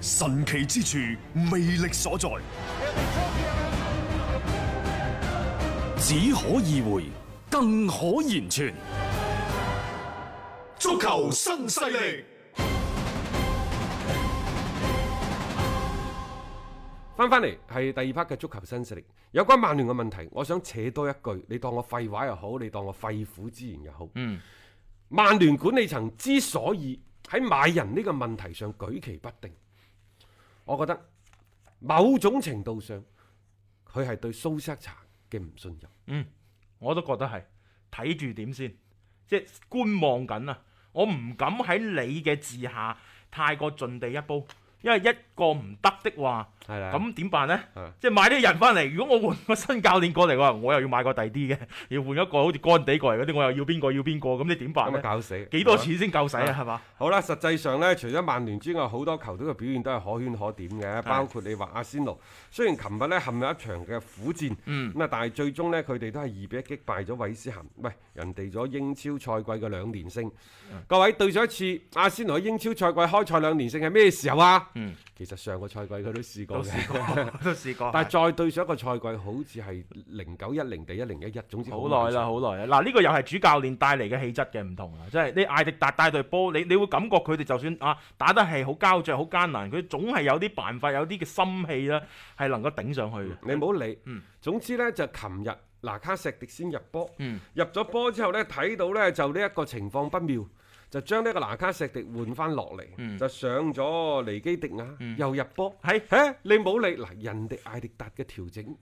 神奇之處，魅力所在，只可意會，更可言傳。足球新勢力，翻翻嚟係第二 part 嘅足球新勢力。有關曼聯嘅問題，我想扯多一句，你當我廢話又好，你當我肺腑之言又好。嗯，曼聯管理層之所以喺買人呢個問題上舉棋不定。我覺得某種程度上，佢係對蘇式茶嘅唔信任。嗯，我都覺得係睇住點先，即係觀望緊啊！我唔敢喺你嘅治下太過盡地一煲，因為一個唔得的話，係啦，咁點辦呢？的即係買啲人翻嚟。如果我換個新教練過嚟喎，我又要買個第二啲嘅，要換一個好似乾地過嚟嗰啲，我又要邊個要邊個？咁你點辦咧？咁搞死幾多錢先夠使啊？係嘛？好啦，實際上呢，除咗曼聯之外，好多球隊嘅表現都係可圈可點嘅，的包括你話阿仙奴。雖然琴日呢，陷入一場嘅苦戰，嗯，咁啊，但係最終呢，佢哋都係二比一擊敗咗韋斯咸，喂，人哋咗英超賽季嘅兩連勝。嗯，各位對上一次阿仙奴喺英超賽季開賽兩連勝係咩時候啊？嗯。其實上個賽季佢都試過嘅，都試過， 但係再對上一個賽季好似係零九一零定一零一一，總之好耐啦，好耐啦。嗱呢個又係主教練帶嚟嘅氣質嘅唔同啦，即係你艾迪達帶隊波，你你會感覺佢哋就算啊打得係好膠着、好艱難，佢總係有啲辦法、有啲嘅心氣啦，係能夠頂上去嘅。你唔好理，嗯，總之呢，就琴日嗱卡石迪先入波，嗯，入咗波之後呢，睇到呢，就呢一個情況不妙。就將呢個拿卡錫迪換翻落嚟，嗯、就上咗尼基迪亞，又入波，係嚇、嗯、你冇理嗱，人哋艾迪達嘅調整。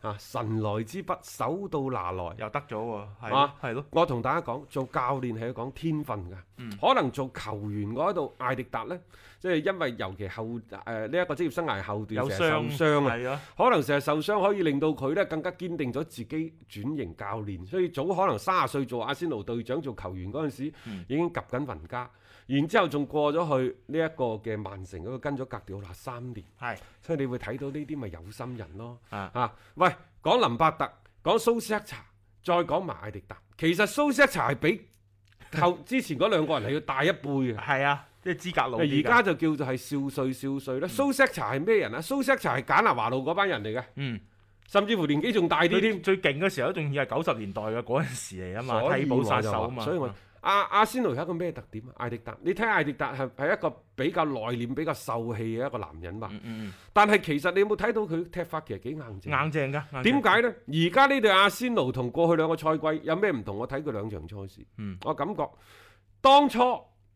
啊！神來之筆，手到拿來又得咗喎，啊，係嘛？咯、啊，的我同大家講，做教練係要講天分嘅，嗯、可能做球員我喺度艾迪達呢，即、就、係、是、因為尤其後誒呢一個職業生涯後段有傷受傷啊，的可能成日受傷可以令到佢咧更加堅定咗自己轉型教練，所以早可能三十歲做阿仙奴隊長做球員嗰陣時，嗯、已經及緊雲加。然之後仲過咗去呢一個嘅曼城嗰個跟咗隔掉啦三年，係，所以你會睇到呢啲咪有心人咯，啊，嚇，喂，講林伯特，講蘇塞查，再講埋艾迪達，其實蘇塞查係比後之前嗰兩個人係要大一輩嘅，係啊，即係資格老，而家就叫做係少帥少帥啦。蘇塞查係咩人啊？蘇塞查係簡拿華路嗰班人嚟嘅，嗯，甚至乎年紀仲大啲添，最勁嘅時候都仲要係九十年代嘅嗰陣時嚟啊嘛，替補殺手啊嘛。阿、啊、阿仙奴有一個咩特點啊？艾迪達，你睇下艾迪達係係一個比較內斂、比較受氣嘅一個男人嘛？嗯嗯。但係其實你有冇睇到佢踢法其實幾硬正？硬正噶。點解咧？而家呢隊阿仙奴同過去兩個賽季有咩唔同？我睇佢兩場賽事，嗯嗯，我感覺當初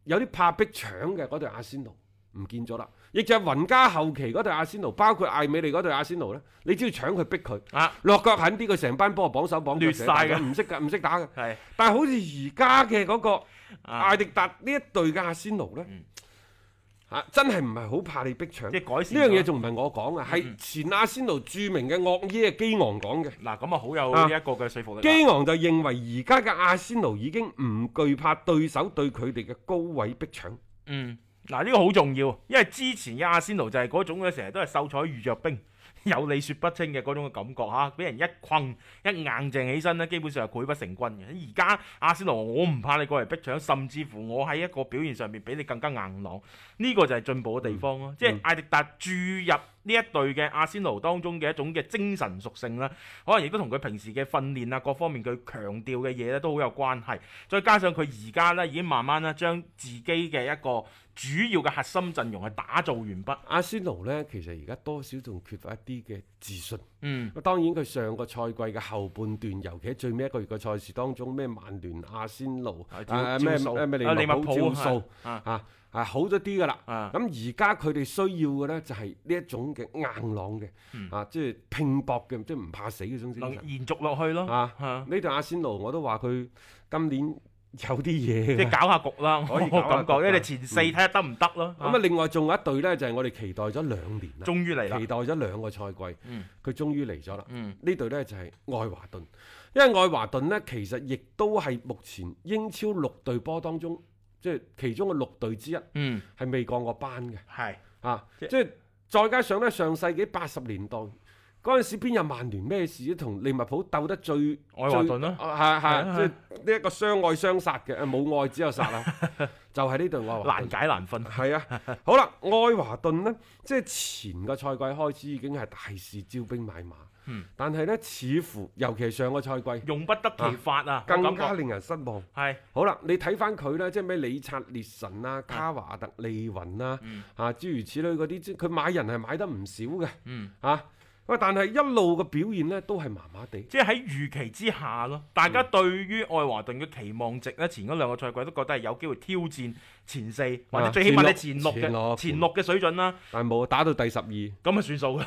有啲怕逼搶嘅嗰隊阿仙奴。唔見咗啦！亦就係雲加後期嗰隊阿仙奴，包括艾美利嗰隊阿仙奴咧，你只要搶佢逼佢，啊、落腳狠啲，佢成班波我綁手綁住，曬嘅，唔識噶，唔識打嘅。係，但係好似而家嘅嗰個艾迪達呢一隊嘅阿仙奴咧，嚇、啊啊、真係唔係好怕你逼搶。呢樣嘢仲唔係我講嘅，係前阿仙奴著名嘅惡爺嘅基昂講嘅。嗱咁啊，好有呢一個嘅說服力、啊。基昂就認為而家嘅阿仙奴已經唔懼怕對手對佢哋嘅高位逼搶。嗯。嗱呢個好重要，因為之前嘅阿仙奴就係嗰種嘅，成日都係秀才遇着兵，有理説不清嘅嗰種嘅感覺吓，俾人一困一硬淨起身咧，基本上係潰不成軍嘅。而家阿仙奴，我唔怕你過嚟逼搶，甚至乎我喺一個表現上面比你更加硬朗，呢、這個就係進步嘅地方咯。嗯、即係艾迪達注入。呢一隊嘅阿仙奴當中嘅一種嘅精神屬性啦，可能亦都同佢平時嘅訓練啊各方面佢強調嘅嘢咧都好有關係。再加上佢而家咧已經慢慢咧將自己嘅一個主要嘅核心陣容係打造完畢。阿仙奴呢，其實而家多少仲缺乏一啲嘅自信。嗯。咁當然佢上個賽季嘅後半段，尤其係最尾一個月嘅賽事當中，咩曼聯、阿仙奴、咩咩咩利物浦招數啊。係好咗啲噶啦，咁而家佢哋需要嘅咧就係呢一種嘅硬朗嘅，啊，即係拼搏嘅，即係唔怕死嘅種精神。延續落去咯，啊，呢隊阿仙奴我都話佢今年有啲嘢，即係搞下局啦，可以咁講，因為前四睇下得唔得咯。咁啊，另外仲有一隊咧，就係我哋期待咗兩年啦，終於嚟啦，期待咗兩個賽季，佢終於嚟咗啦。呢隊咧就係愛華頓，因為愛華頓咧其實亦都係目前英超六隊波當中。即係其中嘅六隊之一，嗯，係未降過班嘅，係是啊！即係是再加上咧，上世紀八十年代。嗰陣時邊有曼聯咩事同利物浦鬥得最愛華頓咯，係係即係呢一個相愛相殺嘅，冇愛只有殺啊！就係呢度話難解難分。係啊，好啦，愛華頓呢，即係前個賽季開始已經係大肆招兵買馬，但係呢，似乎尤其係上個賽季用不得其法啊，更加令人失望。係好啦，你睇翻佢呢，即係咩李察列神啊、卡華特利雲啦，啊諸如此類嗰啲，佢買人係買得唔少嘅，嗯啊。喂，但係一路嘅表現呢都係麻麻地，即係喺預期之下咯。大家對於愛華頓嘅期望值呢，前嗰兩個賽季都覺得係有機會挑戰，前四或者最起碼你前六嘅、前六嘅水準啦，嗯、但係冇打到第十二咁啊，算數啦。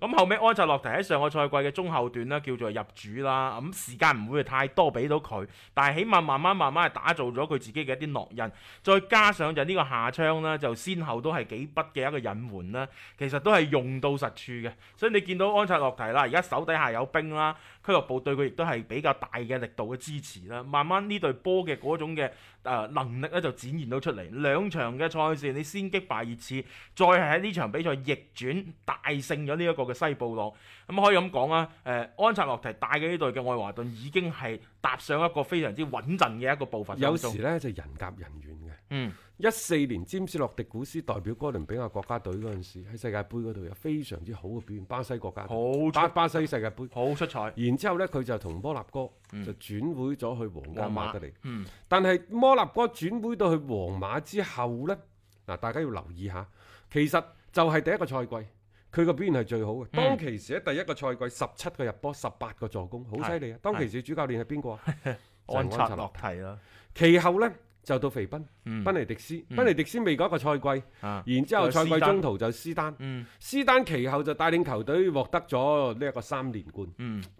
咁 後尾安察洛提喺上個賽季嘅中後段啦，叫做入主啦。咁時間唔會太多俾到佢，但係起碼慢慢慢慢係打造咗佢自己嘅一啲烙印，再加上就呢個下窗啦，就先後都係幾筆嘅一個引援啦，其實都係用到實處嘅。所以你見到安察洛提啦，而家手底下有兵啦，俱樂部對佢亦都係比較大嘅力度嘅支持啦，慢慢呢隊波嘅嗰種嘅誒能力咧，就展現到出。兩場嘅賽事，你先擊敗熱刺，再係喺呢場比賽逆轉大勝咗呢一個嘅西布朗，咁可以咁講啊，誒，安切洛蒂帶嘅呢隊嘅愛華頓已經係踏上一個非常之穩陣嘅一個部分。有時呢，就是、人夾人緣嘅。嗯。一四年，詹士洛迪古斯代表哥倫比亞國家隊嗰陣時，喺世界盃嗰度有非常之好嘅表現。巴西國家，巴巴西世界盃，好出彩。然之後呢，佢就同摩納哥就轉會咗去皇家馬德里。嗯、但係摩納哥轉會到去皇馬之後呢，嗱，大家要留意下，其實就係第一個賽季，佢個表現係最好嘅。嗯、當其時喺第一個賽季，十七個入波，十八個助攻，好犀利啊！是 當其時是 是 主教練係邊個啊？ 安插落替啦。其後呢。就到肥賓、賓尼迪斯、賓尼迪斯未嗰一個賽季，然之後賽季中途就斯丹，斯丹其後就帶領球隊獲得咗呢一個三連冠，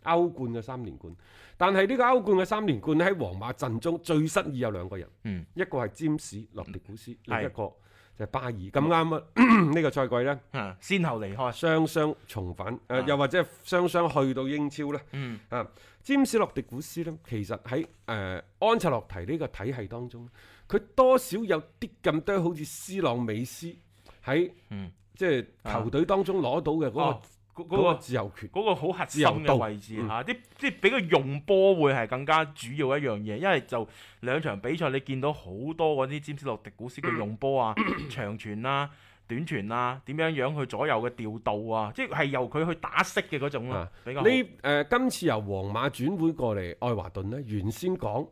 歐冠嘅三連冠。但係呢個歐冠嘅三連冠，喺皇馬陣中最失意有兩個人，一個係詹士、諾迪古斯，另一個就係巴爾。咁啱啊！呢個賽季咧，先後離開，雙雙重返，誒又或者雙雙去到英超咧，啊。詹士洛迪古斯呢，其實喺誒、呃、安切洛提呢個體系當中，佢多少有啲咁多好似斯朗美斯喺、嗯、即係球隊當中攞到嘅嗰個自由權，嗰個好核心嘅位置嚇，啲、嗯啊、即係比佢用波會係更加主要一樣嘢，因為就兩場比賽你見到好多嗰啲詹士洛迪古斯嘅用波啊、長傳啦。 短傳啦、啊，點樣樣去左右嘅調度啊，即係由佢去打色嘅嗰種咯。呢誒、啊啊，今次由皇馬轉會過嚟愛華頓呢，原先講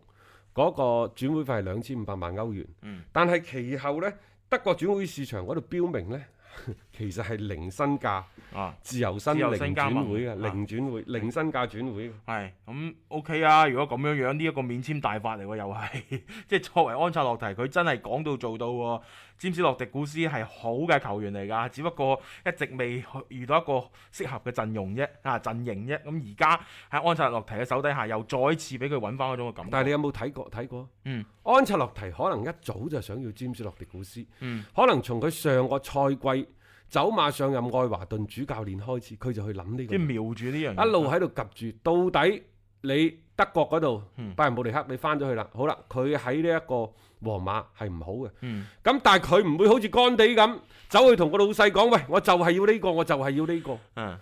嗰個轉會費係兩千五百萬歐元，嗯、但係其後呢，德國轉會市場嗰度標明呢。 其實係零身價，啊，自由身零轉會嘅，零轉會，啊、零身價轉會。係咁、啊、OK 啊！如果咁樣樣，呢、這、一個免簽大法嚟喎，又 係即係作為安切洛提，佢真係講到做到喎。詹士洛迪古斯係好嘅球員嚟㗎，只不過一直未遇到一個適合嘅陣容啫，啊陣營啫。咁而家喺安切洛提嘅手底下，又再次俾佢揾翻嗰種嘅感覺。但係你有冇睇過睇過？過嗯，安切洛提可能一早就想要詹士洛迪古斯。嗯，可能從佢上個賽季，走馬上任愛華頓主教練開始，佢就去諗呢個，即瞄住呢樣，一路喺度及住。啊、到底你德國嗰度、嗯、拜仁慕尼黑你翻咗去啦？好啦，佢喺呢一個皇馬係唔好嘅。咁、嗯、但係佢唔會好似乾地咁走去同個老細講：喂，我就係要呢、呢個，我就係要呢、呢個。唔、啊、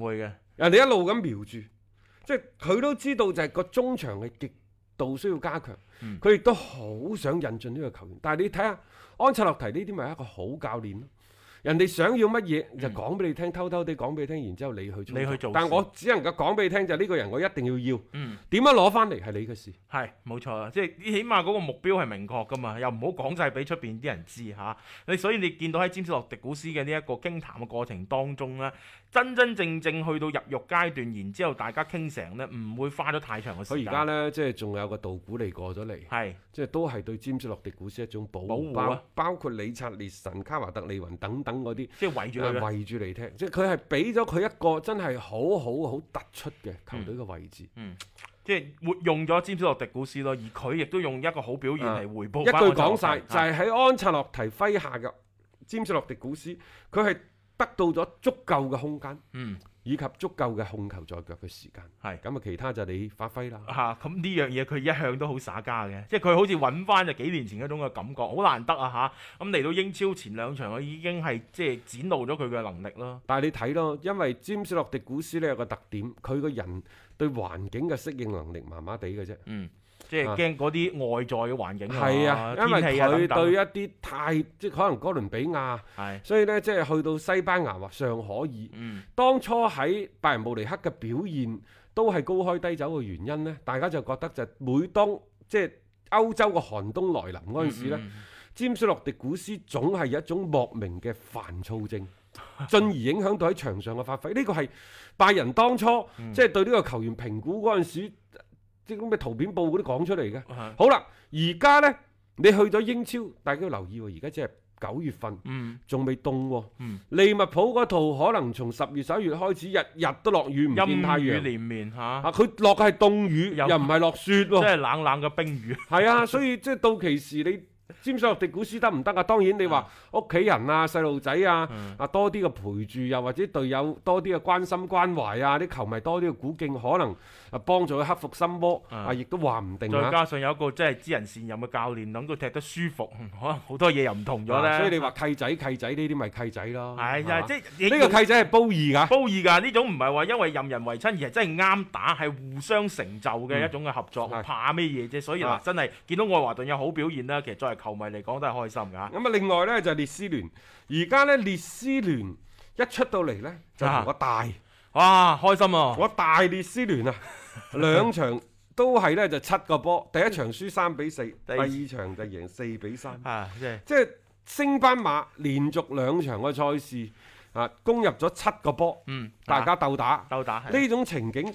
會嘅，人哋一路咁瞄住，即係佢都知道就係個中場嘅極度需要加強。佢亦、嗯、都好想引進呢個球員，但係你睇下安切洛提呢啲咪係一個好教練咯。人哋想要乜嘢就講俾你聽，嗯、偷偷哋講俾你聽，然之後你去做。你去做。但我只能夠講俾你聽，就呢、是、個人我一定要要。嗯。點樣攞翻嚟係你嘅事。係，冇錯啦，即、就、係、是、起碼嗰個目標係明確㗎嘛，又唔好講晒俾出邊啲人知嚇。你、啊、所以你見到喺詹士洛迪古斯嘅呢一個傾談嘅過程當中咧，真真正，正正去到入獄階段，然後之後大家傾成咧，唔會花咗太長嘅時間。佢而家咧即係仲有個道古嚟過咗嚟，係是，即係都係對詹士洛迪古斯一種保護，保護啊，包括理察列神、卡華特利雲等等。等啲，即係圍住嚟圍住嚟聽，即係佢係俾咗佢一個真係好好好突出嘅球隊嘅位置嗯，嗯，即係活用咗詹士洛迪古斯咯，而佢亦都用一個好表現嚟回報。嗯、一句講晒，嗯、就係喺安察洛提麾下嘅詹士洛迪古斯，佢係得到咗足夠嘅空間。嗯。以及足夠嘅控球在腳嘅時間，係咁啊！其他就你發揮啦嚇。咁呢、啊、樣嘢佢一向都好耍家嘅，即係佢好似揾翻就幾年前嗰種嘅感覺，好難得啊吓，咁、啊、嚟、嗯、到英超前兩場，佢已經係即係展露咗佢嘅能力咯。但係你睇咯，因為詹姆斯洛迪古斯呢有個特點，佢個人對環境嘅適應能力麻麻地嘅啫。嗯。即係驚嗰啲外在嘅環境啊，係啊，因為佢對一啲太即係可能哥倫比亞，啊、所以呢，即係去到西班牙啊尚可以。嗯、當初喺拜仁慕尼黑嘅表現都係高開低走嘅原因呢，大家就覺得就每當即係歐洲嘅寒冬來臨嗰陣時咧，嗯嗯、詹士洛迪古斯總係有一種莫名嘅煩躁症，進而影響到喺場上嘅發揮。呢、呢個係拜仁當初即係、嗯、對呢個球員評估嗰陣時。啲咁嘅圖片報嗰啲講出嚟嘅，是的 好啦，而家咧你去咗英超，大家要留意、哦。而家即係九月份，仲未凍。嗯、利物浦嗰套可能從十月十一月開始，日日都落雨，唔見太陽。陰雨連綿啊，佢落嘅係凍雨，有又唔係落雪喎。即係冷冷嘅冰雨。係 啊，所以即係到期時你，占士洛迪古斯得唔得啊？當然你話屋企人啊、細路仔啊、啊多啲嘅陪住，又或者隊友多啲嘅關心關懷啊，啲球迷多啲嘅鼓勁，可能。啊，幫助佢克服心魔啊，亦都話唔定。再加上有一個即係知人善任嘅教練，諗佢踢得舒服，可能好多嘢又唔同咗咧。所以你話契仔契仔呢啲咪契仔咯。係啊，即係呢個契仔係褒義㗎。褒義㗎呢種唔係話因為任人唯親，而係真係啱打，係互相成就嘅一種嘅合作。怕咩嘢啫？所以嗱，真係見到愛華頓有好表現啦，其實作為球迷嚟講都係開心㗎。咁啊，另外咧就係列斯聯，而家咧列斯聯一出到嚟咧就同我大。哇！開心啊！我大列斯聯啊，兩 場都係咧就七個波，第一場輸三比四，第二場就贏四比三。即係升班馬連續兩場嘅賽事啊，攻入咗七個波。嗯，大家鬥打，鬥打呢種情景。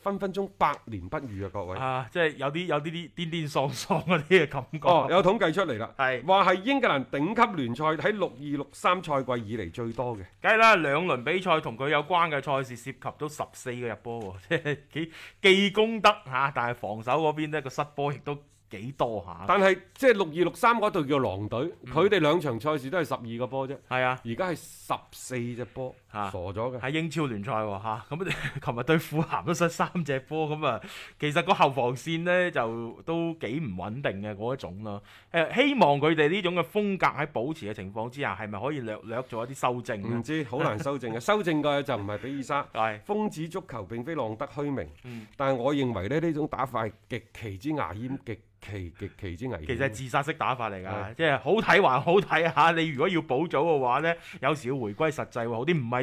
分分鐘百年不遇啊！各位，啊、即係有啲有啲啲癲癲喪喪嗰啲嘅感覺。哦，有統計出嚟啦，係話係英格蘭頂級聯賽喺六二六三賽季以嚟最多嘅。梗係啦，兩輪比賽同佢有關嘅賽事涉及到十四個入波喎，即係幾幾功德嚇，但係防守嗰邊呢個失波亦都幾多嚇。但係即係六二六三嗰隊叫狼隊，佢哋、嗯、兩場賽事都係十二個波啫。係啊，而家係十四隻波。吓傻咗嘅，喺英超聯賽吓咁啊！琴日對富咸都失三隻波咁啊，其實個後防線呢，就都幾唔穩定嘅嗰一種咯。希望佢哋呢種嘅風格喺保持嘅情況之下，係咪可以略略做一啲修正？唔知好難修正嘅，修正嘅就唔係比爾莎。係瘋子足球並非浪得虛名，但係我認為咧呢種打法係極其之牙煙，極其極其之危險。其實係自殺式打法嚟噶，即係好睇還好睇吓。你如果要補早嘅話呢，有時要回歸實際，好啲唔係。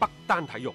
北單體育。